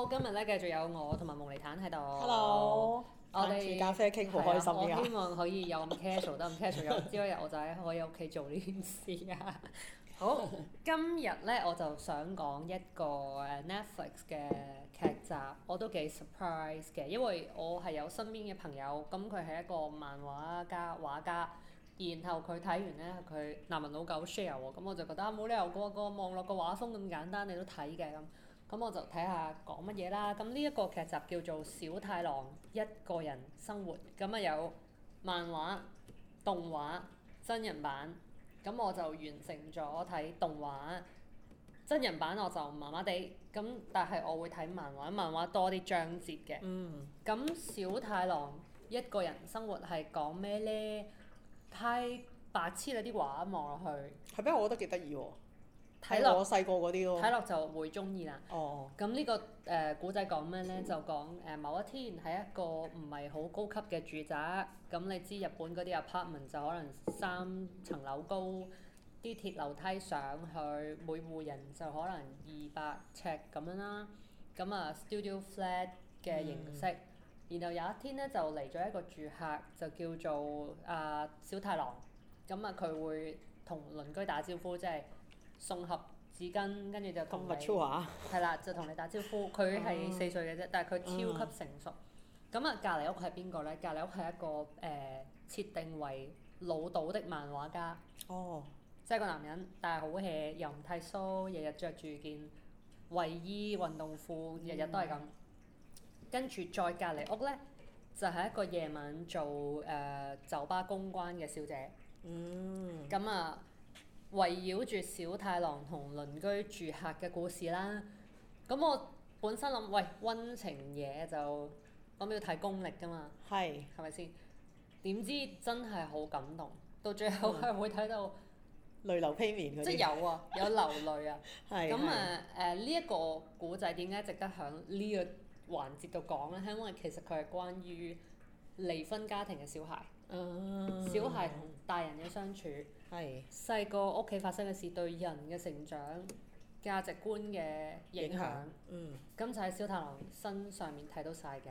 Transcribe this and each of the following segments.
哦、今日咧繼續有我同埋夢妮妲喺度。Hello，我哋們咖啡傾好開心，我希望可以有咁 casual，得咁 casual？有朝一日我就係可以喺屋企做呢件事啊。 好，今日咧我就想講一個 Netflix 嘅劇集，我都幾 surprise 嘅，因為我係有身邊嘅朋友，咁佢係一個漫畫家畫家，然後佢睇完咧，佢男人老狗 share 喎，咁、嗯、我就覺得冇、啊、理由、那個、那個網絡個畫風咁簡單你都睇嘅咁。嗯咁我就睇下講乜嘢啦。咁呢一個劇集叫做《小太郎一個人生活》。咁啊有漫畫、動畫、真人版。咁我就完成咗睇動畫。真人版我就麻麻地。咁但係我會睇漫畫，漫畫多啲章節嘅。嗯。咁《小太郎一個人生活》係講咩呢？太白痴啦！啲畫望落去。係咩？我覺得幾得意喎。睇落我細個嗰啲咯，睇落就會中意啦。哦、呃，咁呢個誒古仔講咩咧？就講誒、呃、某一天喺一個唔係好高級嘅住宅，咁你知日本嗰啲 apartment 就可能三層樓高，啲鐵樓梯上去，每戶人就可能二百尺咁樣啦。咁啊 studio flat 嘅形式，mm. 然後有一天咧就嚟咗一個住客，就叫做啊小太郎。咁啊佢會同鄰居打招呼，即係。送盒紙巾，跟住就同你係啦，就同你打招呼。佢係四歲嘅啫，嗯、但係佢超級成熟。咁啊、嗯，隔離屋係邊個呢？隔離屋係一個誒、呃、設定為潦倒的漫畫家。哦。即係個男人，但係好 hea，又唔剃須，日日着住件衞衣運動褲，日日都係咁。跟住再隔離屋呢，就係、是、一個夜晚做誒、呃、酒吧公關嘅小姐。嗯。咁啊、嗯、～、嗯嗯圍繞住小太郎同鄰居住客嘅故事啦，咁我本身諗喂温情嘢就諗要睇功力㗎嘛，係係咪先？點知真係好感動，到最後係、嗯、會睇到淚流披面佢，即係有啊有流淚啊，咁 是 啊誒呢一個古仔點解值得喺呢個環節度講呢？因為其實佢係關於離婚家庭嘅小孩，嗯、小孩同大人嘅相處。係細個屋企發生嘅事對人嘅成長價值觀嘅影響，咁就喺小太郎身上面睇到晒嘅。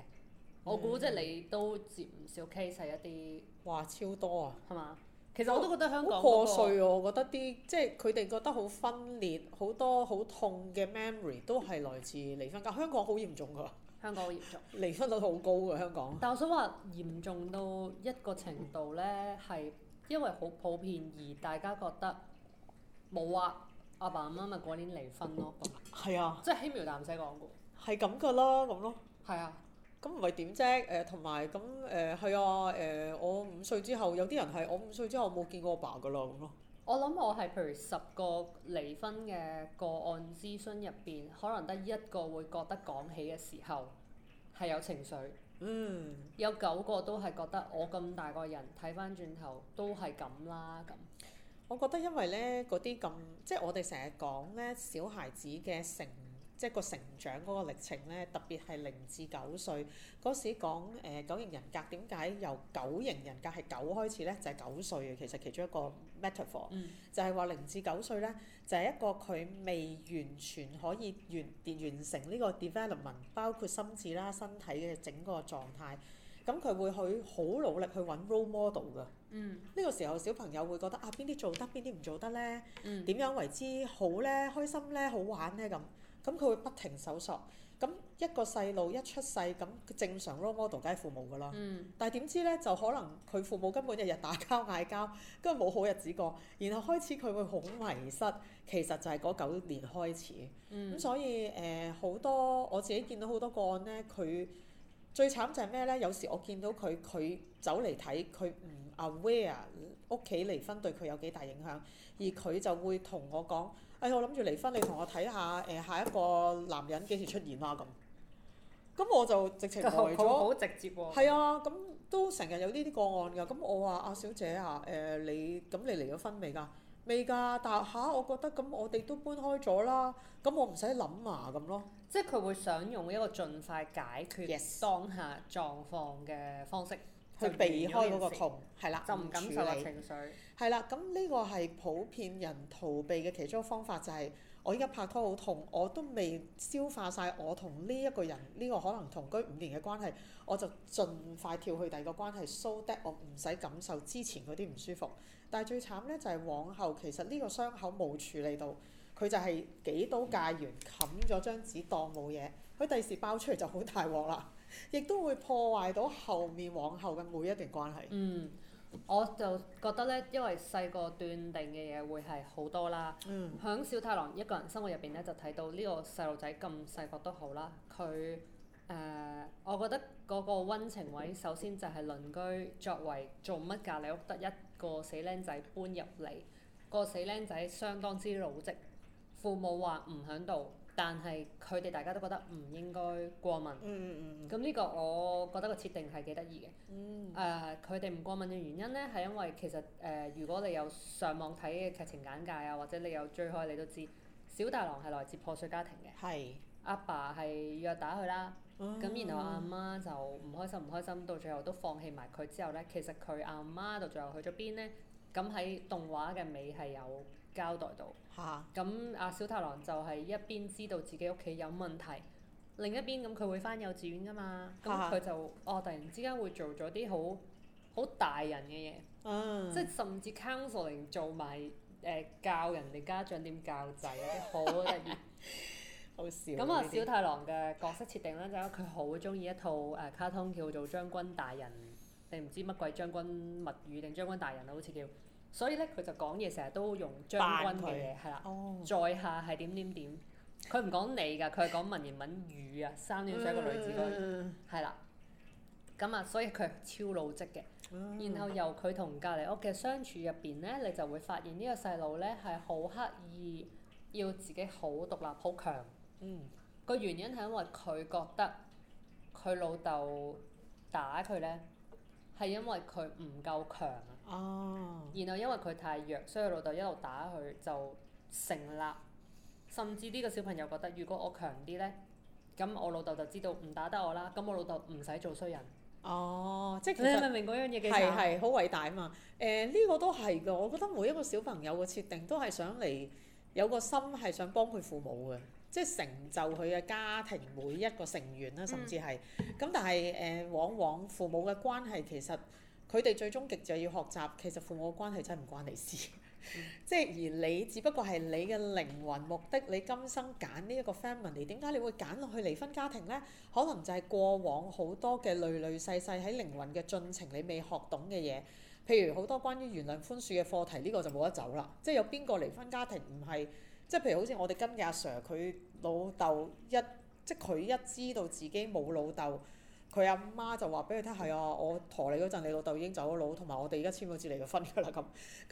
我估即係你都接唔少 case 一啲、嗯。哇！超多啊，係嘛？其實我都覺得香港、那個、好破碎啊！我覺得啲即係佢哋覺得好分裂，好多好痛嘅 memory 都係來自離婚噶。香港好嚴重㗎。香港好嚴重。 離婚率好高㗎，香港。但我想話嚴重到一個程度咧，係、嗯。因為好普遍，而大家覺得冇啊，阿爸阿媽咪嗰年離婚、啊、咯，係啊，即係輕描淡寫講嘅，係咁噶啦，咁咯，係、呃、啊，咁唔係點啫？誒同埋咁，誒係啊，誒我五歲之後，有啲人係我五歲之後冇見過阿爸噶啦咁咯。我諗我係譬如十個離婚嘅個案諮詢入邊，可能得一個會覺得講起嘅時候係有情緒。嗯，有九個都係覺得我咁大個人睇翻轉頭都係咁啦，咁我覺得因為咧啲咁，即係我哋成日講咧小孩子嘅成。即係個成長嗰個歷程咧，特別係零至九歲嗰時講、呃、九型人格，點解由九型人格係九開始咧？就係九歲啊。其實其中一個 metaphor、嗯、就係話零至九歲咧，就係、是、一個佢未完全可以完完成呢個 development，包括心智啦、身體嘅整個狀態。咁佢會去好努力去揾 role model 㗎。呢、嗯、個時候小朋友會覺得啊，邊啲做得，邊啲唔做得咧？點、嗯、樣為之好咧？開心咧？好玩咧？咁？咁佢會不停搜索，咁一個細路一出世，咁正常 role model 梗係父母噶啦。嗯、但係點知咧，就可能佢父母根本日日打交嗌交，跟住冇好日子過，然後開始佢會好迷失。其實就係嗰九年開始。咁、嗯、所以誒，好、呃、多我自己見到好多個案咧，佢最慘就係咩咧？有時我見到佢，佢走嚟睇，佢唔 aware 屋企離婚對佢有幾大影響，而佢就會同我講。誒、哎，我諗住離婚，你同我睇下誒，下一個男人幾時出現啦？咁，咁我就直情為咗，好直接，係、嗯嗯嗯嗯、啊，咁都成日有呢啲個案㗎。咁我話阿、啊、小姐啊，誒、呃，你咁你離咗婚未㗎？未㗎，但下、啊，我覺得咁我哋都搬開咗啦。咁我唔使諗啊，咁咯。即係佢會想用一個盡快解決當下狀況嘅方式。Yes. 去避開嗰個痛，係啦，唔感受情緒、嗯、唔處理，係啦，咁呢個係普遍人逃避嘅其中一方法，就係我依家拍拖好痛，我都未消化晒我同呢一個人呢個可能同居五年嘅關係，我就盡快跳去第二個關係，so that, that 我唔使感受之前嗰啲唔舒服。但係最慘呢，就係往後，其實呢個傷口冇處理到，佢就係幾刀戒完冚咗張紙當冇嘢，佢第時爆出嚟就好大鑊啦。亦都會破壞到後面往後嘅每一段關係。嗯，我就覺得呢，因為細個斷定嘅嘢會係好多啦。嗯。響小太郎一個人生活入邊呢，就睇到呢個細路仔咁細個都好啦。佢誒、呃，我覺得嗰個温情位首先就係鄰居作為做乜隔離屋得一個死僆仔搬入嚟，個死僆仔相當之老積，父母話唔響度。但係佢哋大家都覺得唔應該過問，咁呢、嗯嗯、個我覺得個設定係幾得意嘅。誒、嗯，佢哋唔過問嘅原因呢，係因為其實誒、呃，如果你有上網睇嘅劇情簡介啊，或者你有追開，你都知小太郎係來自破碎家庭嘅，阿是爸係虐打佢啦，咁、哦、然後阿媽，媽就唔開心唔開心，到最後都放棄埋佢之後呢，其實佢阿媽，媽到最後去咗邊呢？咁喺動畫嘅尾係有。交代到，咁阿、啊、小太郎就係一邊知道自己屋企有問題，另一邊咁佢會返幼稚園㗎嘛，咁佢、啊、就哦突然之間會做咗啲好好大人嘅嘢，嗯、即係甚至 counseling 做埋誒、呃、教人哋家長點教仔，好得意，好笑。咁啊小太郎嘅角色設定咧 就係佢好鍾意一套誒、呃、卡通叫做《將軍大人》，定唔知乜鬼《將軍物語》定《將軍大人》啦，好似叫。所以咧，佢就講嘢成日都用將軍嘅嘢，係啦，在下係點點點，佢唔講你㗎，佢係講文言文語啊，三點水一個女子，係啦、mm.。咁啊，所以佢超老積嘅。Mm. 然後由佢同隔離屋嘅相處入邊咧，你就會發現呢個細路咧係好刻意要自己好獨立、好強。嗯。個原因係因為佢覺得佢老豆打佢咧，係因為佢唔夠強。哦，oh. 然後因為佢太弱，所以老豆一路打佢就成立，甚至呢個小朋友覺得，如果我強啲呢，咁我老豆就知道唔打得我啦，咁我老豆唔使做衰人。哦，oh, 即係其實你明唔明嗰樣嘢嘅？係係好偉大啊嘛！呢、呃這個都係㗎，我覺得每一個小朋友嘅設定都係想嚟有個心係想幫佢父母嘅，即係成就佢嘅家庭每一個成員啦，甚至係咁。嗯、但係、呃、往往父母嘅關係其實～佢哋最終極就要學習，其實父母嘅關係真係唔關你事，嗯、即係而你只不過係你嘅靈魂目的，你今生揀呢一個 family，點解你會揀落去離婚家庭呢？可能就係過往好多嘅累累細細喺靈魂嘅進程你未學懂嘅嘢，譬如好多關於原諒寬恕嘅課題，呢、呢個就冇得走啦。即係有邊個離婚家庭唔係？即係譬如好似我哋跟嘅阿 Sir，佢老豆一即係佢一知道自己冇老豆。佢阿媽就話俾佢聽，係啊，我陀你嗰陣，你老豆已經走咗佬，同埋我哋而家簽個字離咗婚㗎啦咁。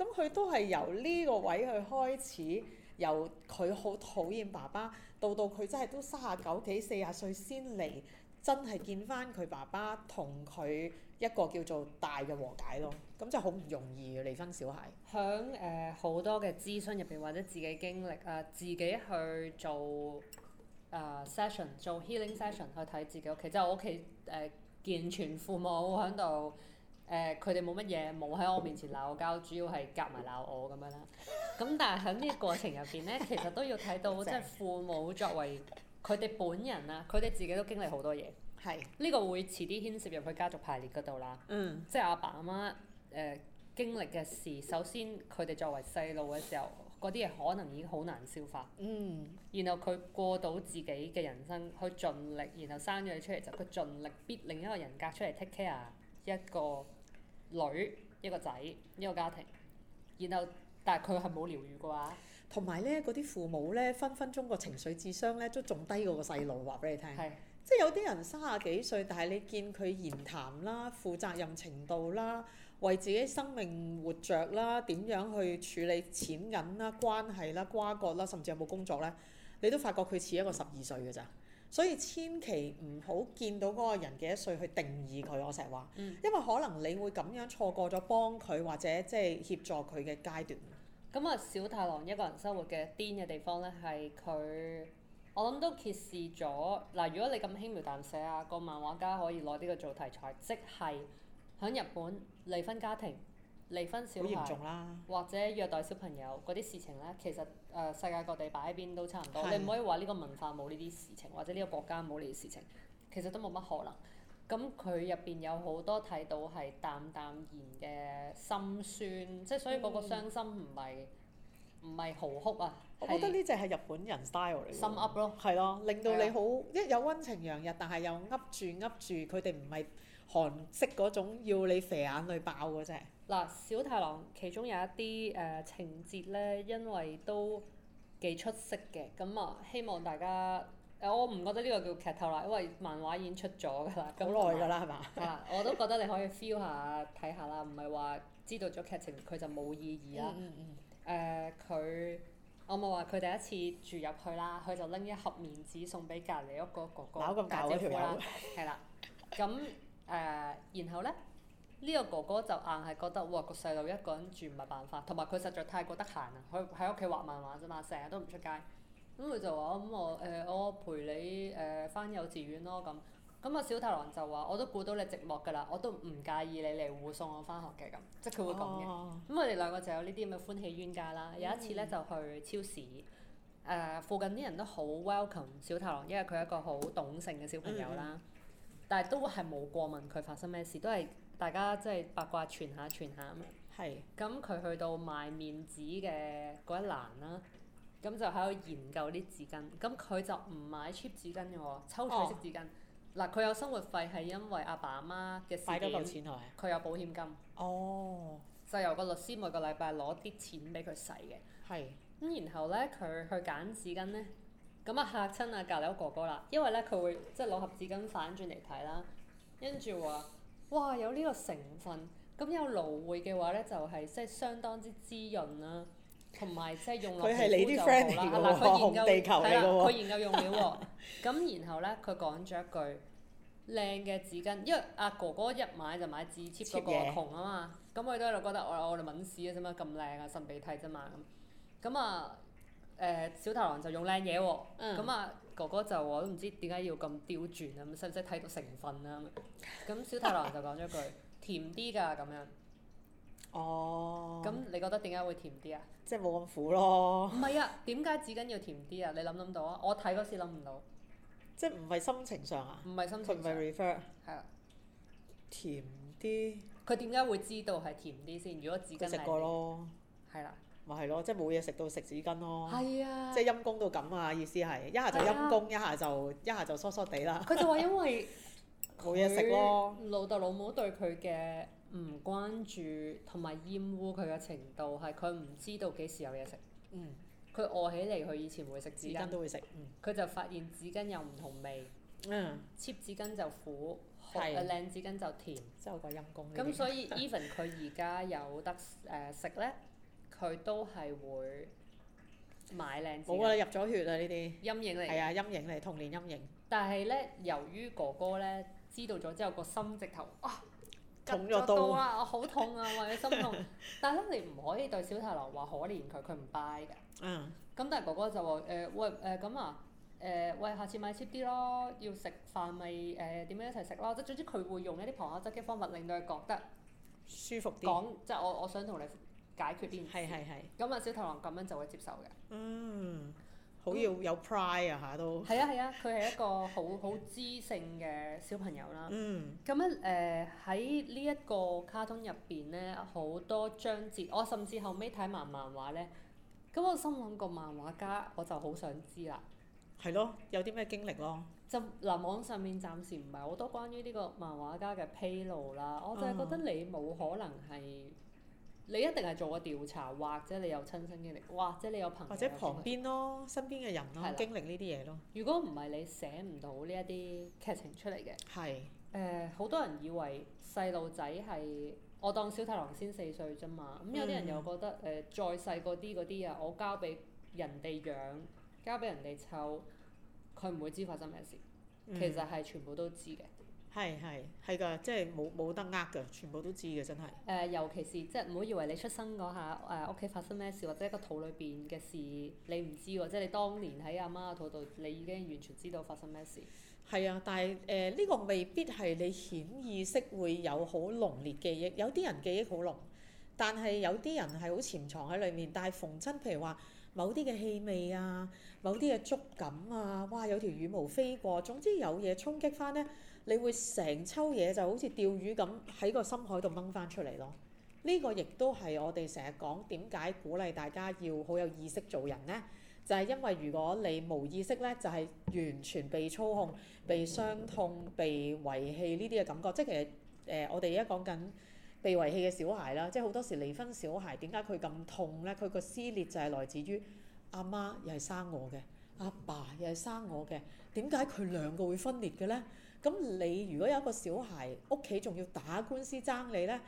咁佢都係由呢個位去開始，由佢好討厭爸爸，到到佢真係都三啊九幾四啊歲先嚟，真係見翻佢爸爸同佢一個叫做大嘅和解咯。咁就好唔容易離婚小孩。喺誒好多嘅諮詢入邊，或者自己經歷啊、呃，自己去做。啊、uh，session 做 healing session 去睇自己屋企，即係我屋企誒健全父母響度，誒佢哋冇乜嘢，冇喺我面前鬧交， 主要係夾埋鬧我咁樣啦。咁、嗯、但係響呢個過程入邊咧， 其實都要睇到即係 父母作為佢哋本人啊，佢哋自己都經歷好多嘢。係呢 個會遲啲牽涉入去家族排列嗰度啦。嗯。即係阿爸阿媽誒經歷嘅事，首先佢哋作為細路嘅時候。嗰啲嘢可能已經好難消化。嗯。然後佢過到自己嘅人生，去盡力，然後生咗佢出嚟就佢盡力，必另一個人格出嚟 take care 一個女一個仔一個家庭。然後，但係佢係冇療愈嘅話。同埋咧，嗰啲父母咧，分分鐘個情緒智商咧都仲低過個細路，話俾你聽。係。即係有啲人三廿幾歲，但係你見佢言談啦、負責任程度啦。為自己生命活著啦，點樣去處理錢銀啦、關係啦、瓜葛啦，甚至有冇工作呢？你都發覺佢似一個十二歲嘅咋，所以千祈唔好見到嗰個人幾多歲去定義佢。我成日話，因為可能你會咁樣錯過咗幫佢或者即係協助佢嘅階段。咁啊、嗯，小太郎一個人生活嘅癲嘅地方呢，係佢我諗都揭示咗嗱、啊。如果你咁輕描淡寫啊，個漫畫家可以攞呢個做題材，即係喺日本。離婚家庭、離婚小孩，好嚴重啦，或者虐待小朋友嗰啲事情咧，其實誒、呃、世界各地擺喺邊都差唔多。是的 你唔可以話呢個文化冇呢啲事情，或者呢個國家冇呢啲事情，其實都冇乜可能。咁佢入邊有好多睇到係淡淡然嘅心酸，嗯、即係所以嗰個傷心唔係唔係嚎哭啊。我覺得呢隻係日本人 style 嚟嘅，心噏咯，係咯，令到你好 Yeah 一有温情洋溢，但係又噏住噏住，佢哋唔係。韓式嗰種要你肥眼淚爆嘅啫。嗱，小太郎其中有一啲誒情節咧，因為都幾出色嘅，咁啊希望大家，我唔覺得呢個叫劇透啦，因為漫畫已經出咗㗎啦。咁耐㗎啦，係嘛？嗱，我都覺得你可以 feel 下睇下啦，唔係話知道咗劇情佢就冇意義啦。嗯，佢我咪話佢第一次住入去啦，佢就拎一盒面紙送俾隔離屋嗰哥哥。搞咁搞嗰條啦，咁。誒，uh, 然後咧，呢、這個哥哥就硬係覺得，哇，個細路一個人住唔係辦法，同埋佢實在太過得閒啊！佢喺屋企畫漫畫啫嘛，成日都唔出街。咁、嗯、佢就話：咁、嗯、我誒、呃、我陪你誒返、呃、幼稚園咯咁。咁啊小太郎就話：我都估到你寂寞㗎啦，我都唔介意你嚟護送我返學嘅咁，即係佢會咁嘅。咁我哋兩個就有呢啲咁嘅歡喜冤家啦。有一次咧就去超市，誒附近啲人都好 welcome 小太郎，因為佢係一個好懂性嘅小朋友啦。Uh huh. 嗯但係都係冇過問佢發生咩事，都係大家即係八卦傳下傳下啊嘛。係是。咁佢去到賣面紙嘅嗰一欄啦，咁就喺度研究啲紙巾。咁佢就唔買 cheap 紙巾嘅喎，抽水式紙巾。嗱、哦，佢有生活費係因為阿爸阿媽嘅事業。買多嚿錢係佢有保險金。哦。就由個律師每個禮拜攞啲錢俾佢使嘅。係是。咁、嗯、然後咧，佢去揀紙巾咧。咁啊嚇親啊隔離屋哥哥啦，因為咧佢會即係攞盒紙巾反轉嚟睇啦，跟住話：哇，有呢個成分，咁有蘆薈嘅話咧就係即係相當之滋潤啦，同埋即係用落皮膚就好啦。佢、啊、研究係啦，佢研究用料喎。咁 然後咧佢講咗一句靚嘅紙巾，因為阿哥哥一買就買紙貼嗰個窮啊嘛，咁佢都係覺得、哦、我我哋揾屎啊啫嘛，咁靚啊擤鼻涕啫嘛咁，咁啊。誒、呃、小太郎就用靚嘢喎，咁啊、嗯嗯、哥哥就我都唔知點解要咁刁鑽啊，咁使唔使睇到成分啊？咁、嗯、小太郎就講咗句 甜啲㗎咁樣。哦。咁你覺得點解會甜啲啊？即係冇咁苦咯。唔係啊，點解紙巾要甜啲啊？你諗諗到啊？我睇嗰時諗唔到。即係唔係心情上啊？唔係心情上。佢係 r e f r a c 甜啲點。佢點解會知道係甜啲先？如果紙巾食過咯。係、嗯嗯、啦。咪係咯，即係冇嘢食到食紙巾咯，係啊，即係陰公到咁啊！意思係一下就陰公，一下就一下就疏疏地啦。佢就話因為冇嘢食咯，老豆老母對佢嘅唔關注同埋厭惡佢嘅程度係佢唔知道幾時有嘢食。嗯，佢餓起嚟，佢以前會食紙巾都會食。嗯，佢就發現紙巾有唔同味。嗯，切紙巾就苦，學靚紙巾就甜。真係個陰公。咁所以 Even 佢而家有得誒食咧？佢都係會買靚字，冇啊！你入咗血啊！呢啲陰影嚟，係啊，陰影嚟，童年陰影。但係咧，由於哥哥咧，知道咗之後，個心直頭啊，咁咗到，了到啊，我好痛啊，或、哎、者心痛。 但係咧，你唔可以對小太郎話可憐佢，佢唔 buy 㗎。嗯。咁但係哥哥就話誒、呃、喂誒咁、呃、啊誒、呃、喂下次買 cheap 啲咯，要食飯咪誒點樣一齊食咯。即係總之佢會用一啲旁敲側擊方法令到佢覺得舒服啲。講即係我我，我想同你。解決啲嘢，咁啊小太郎咁樣就會接受嘅。嗯，嗯好要那有 pride 啊嚇都。係啊係啊，佢係、啊啊、 一個好好知性嘅小朋友啦。嗯，咁啊誒喺呢一個卡通入邊咧，好多章節，我、哦、甚至後尾睇埋漫畫咧，咁我心諗、啊、個漫畫家我就好想知啦。係咯，有啲咩經歷咯？就嗱網上面，暫時唔係好多關於呢個漫畫家嘅披露啦，我就係覺得你冇可能係、嗯。你一定係做過調查，或者你有親身經歷，或者你有朋友或者旁邊咯，咯身邊嘅人咯的經歷呢啲嘢咯。如果唔係你寫唔到呢一啲劇情出嚟嘅。係的。誒、呃，好多人以為細路仔係我當小太郎先四歲啫嘛，咁、嗯嗯、有啲人又覺得誒、呃、再細個啲嗰啲啊，我交俾人哋養，交俾人哋湊，佢唔會知發生咩事，其實係全部都知嘅。嗯係係係㗎，即係冇冇得呃㗎，全部都知㗎。真係。誒，尤其是即係唔好以為你出生嗰下，誒屋企發生咩事或者一個肚裏邊嘅事，你唔知喎，即係你當年喺阿媽個肚度，你已經完全知道發生咩事。係、嗯、啊，但係誒呢個未必係你顯意識會有好濃烈記憶，有啲人記憶好濃，但係有啲人係好潛藏喺裏面。但係逢親譬如話某啲嘅氣味啊。某啲嘅觸感啊，哇！有條羽毛飛過，總之有嘢衝擊翻呢，你會成抽嘢就好似釣魚咁喺個深海度掹翻出嚟咯。呢、這個亦都係我哋成日講點解鼓勵大家要好有意識做人呢，就係、是、因為如果你無意識呢，就係、是、完全被操控、被傷痛、被遺棄呢啲嘅感覺。即係其實誒、呃，我哋而家講緊被遺棄嘅小孩啦，即係好多時離婚小孩點解佢咁痛呢？佢個撕裂就係來自於。阿媽又係生我嘅，阿爸又係生我嘅。點解佢兩個會分裂嘅呢？咁你如果有一個小孩屋企仲要打官司爭你呢，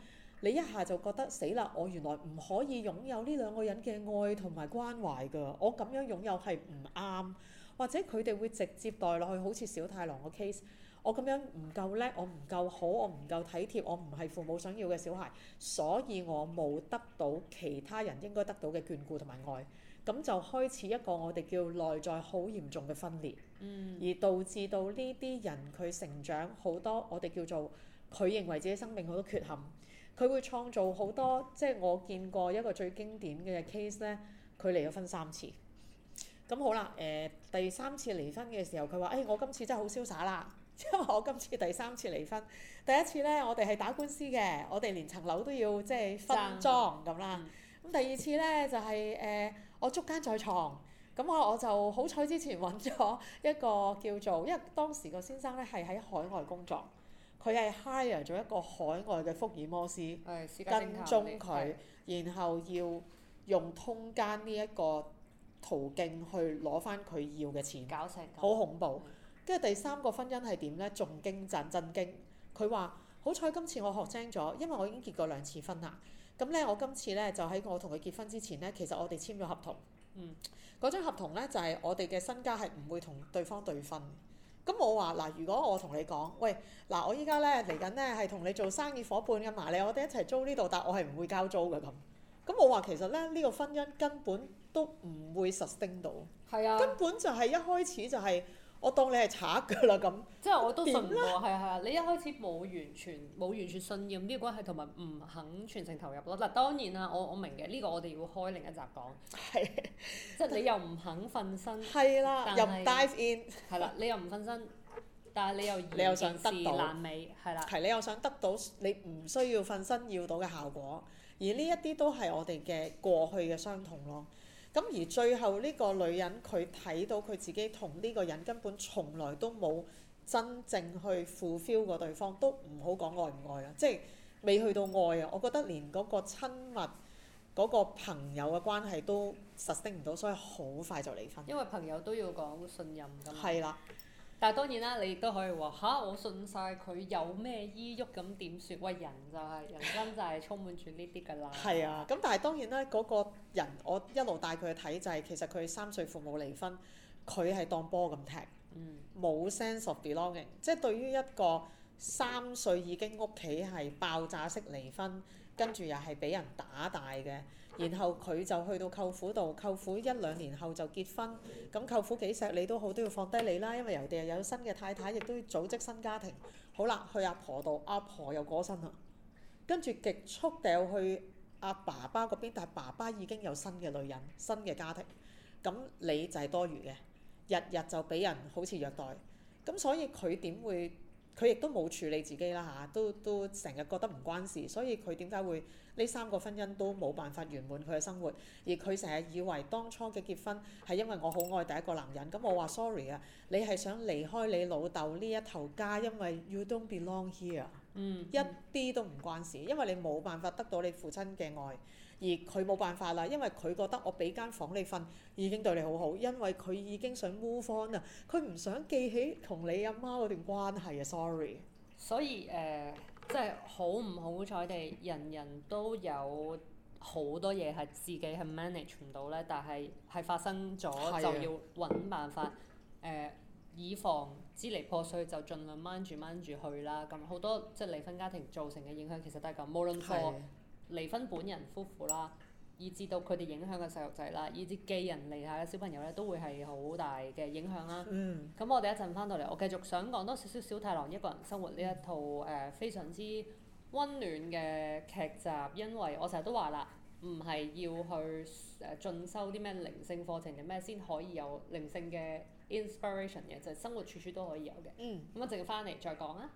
你一下就覺得死啦！我原來唔可以擁有呢兩個人嘅愛同埋關懷㗎。我咁樣擁有係唔啱，或者佢哋會直接代落去，好似小太郎個 case 我。我咁樣唔夠叻，我唔夠好，我唔夠體貼，我唔係父母想要嘅小孩，所以我冇得到其他人應該得到嘅眷顧同埋愛。咁就開始一個我哋叫內在好嚴重嘅分裂，嗯、而導致到呢啲人佢成長好多。我哋叫做佢認為自己生命好多缺陷，佢會創造好多。即係、嗯、我見過一個最經典嘅 case 呢，佢離咗婚三次。咁好啦，誒、呃、第三次離婚嘅時候，佢話：誒、哎、我今次真係好瀟灑啦，因 為我今次第三次離婚。第一次呢，我哋係打官司嘅，我哋連層樓都要即係分裝咁真啦。咁、嗯嗯、第二次呢，就係、是、誒。呃我捉奸在床，咁我我就好彩之前揾咗一個叫做，因為當時個先生咧係喺海外工作，佢係 hire 咗一個海外嘅福爾摩斯，跟蹤佢，是然後要用通奸呢一個途徑去攞翻佢要嘅錢，搞成咁，好恐怖。跟住是第三個婚姻係點呢？仲驚震震驚，佢話好彩今次我學精咗，因為我已經結過兩次婚啦。咁咧，我今次咧就喺我同佢結婚之前咧，其實我哋簽咗合同。嗯。嗰張合同咧就係我哋嘅身家係唔會同對方對分。咁我話嗱，如果我同你講，喂，嗱，我依家咧嚟緊咧係同你做生意伙伴㗎嘛。你我哋一齊租呢度，但我係唔會交租嘅咁。咁我話其實咧，呢個婚姻根本都唔會 existing 到。係啊。根本就係一開始就係。我當你係賊㗎啦咁。即係我都信唔過，係啊係啊，你一開始冇完全冇完全信任呢個關係，同埋唔肯全程投入咯。嗱，當然啦，我我明嘅呢個，我哋要開另一集講。係。即係你又唔肯瞓身。係啦，入 dive in。係啦，你又唔瞓身。但係你又，你又。你又想得到。爛尾係啦。係你又想得到你唔需要瞓身要到嘅效果，而呢一啲都係我哋嘅過去嘅傷痛咯。咁而最後呢個女人佢睇到佢自己同呢個人根本從來都冇真正去 fulfill 過對方，都唔好講愛唔愛啦，即係未去到愛啊！我覺得連嗰個親密嗰個朋友嘅關係都實踐唔到，所以好快就離婚。因為朋友都要講信任㗎嘛。係啦。但係當然啦，你亦都可以話吓，我信晒佢有咩依喐咁點算？喂，人就係、是、人生就係充滿住呢啲㗎啦。係 啊，咁但係當然啦，嗰、那個人我一路帶佢去睇就係、是、其實佢三歲父母離婚，佢係當波咁踢，冇、嗯、sense of belonging，即係對於一個三歲已經屋企係爆炸式離婚，跟住又係俾人打大嘅。然後佢就去到舅父度，舅父一兩年後就結婚，咁舅父幾錫你都好都要放低你啦，因為人哋又有新嘅太太，亦都要組織新家庭。好啦，去阿婆度，阿婆又過身啦，跟住極速掉去阿爸爸嗰邊，但係爸爸已經有新嘅女人、新嘅家庭，咁你就係多餘嘅，日日就俾人好似虐待，咁所以佢點會？佢亦都冇處理自己啦嚇，都都成日覺得唔關事，所以佢點解會呢三個婚姻都冇辦法圓滿佢嘅生活，而佢成日以為當初嘅結婚係因為我好愛第一個男人，咁我話 sorry 啊，你係想離開你老豆呢一頭家，因為 you don't belong here，mm hmm. 一啲都唔關事，因為你冇辦法得到你父親嘅愛。而佢冇辦法啦，因為佢覺得我俾間房你瞓已經對你好好，因為佢已經想 move on 啦，佢唔想記起同你阿媽嗰段關係啊，sorry。所以誒、呃，即係好唔好彩地，人人都有好多嘢係自己係 manage 唔到咧，但係係發生咗的就要搵辦法誒、呃，以防支離破碎就儘量掹住掹住去啦。咁好多即係離婚家庭造成嘅影響，其實都係咁，無論離婚本人夫婦啦，以至到佢哋影響嘅細路仔啦，以至寄人籬下嘅小朋友咧，都會係好大嘅影響啦。咁、mm. 我哋一陣翻到嚟，我繼續想講多少少小太郎一個人生活呢一套誒、呃、非常之温暖嘅劇集，因為我成日都話啦，唔係要去誒進修啲咩靈性課程，嘅咩先可以有靈性嘅 inspiration 嘅，就係、是、生活處處都可以有嘅。咁一陣翻嚟再講啊！